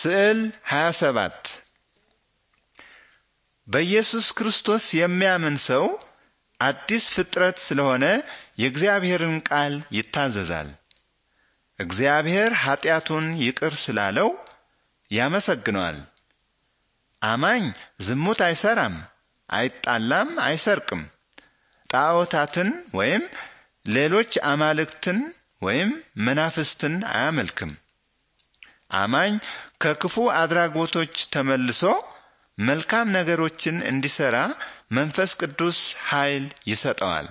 ስዕል 27 በኢየሱስ ክርስቶስ የሚያምን ሰው አዲስ ፍጥረት ስለሆነ የእግዚአብሔርን ቃል ይታዘዛል። እግዚአብሔር ኀጢአቱን ይቅር ስላለው ያመሰግነዋል። አማኝ ዝሙት አይሰራም፣ አይጣላም፣ አይሰርቅም። ጣዖታትን ወይም ሌሎች አማልክትን ወይም መናፍስትን አያመልክም። አማኝ ከክፉ አድራጎቶች ተመልሶ መልካም ነገሮችን እንዲሰራ መንፈስ ቅዱስ ኃይል ይሰጠዋል።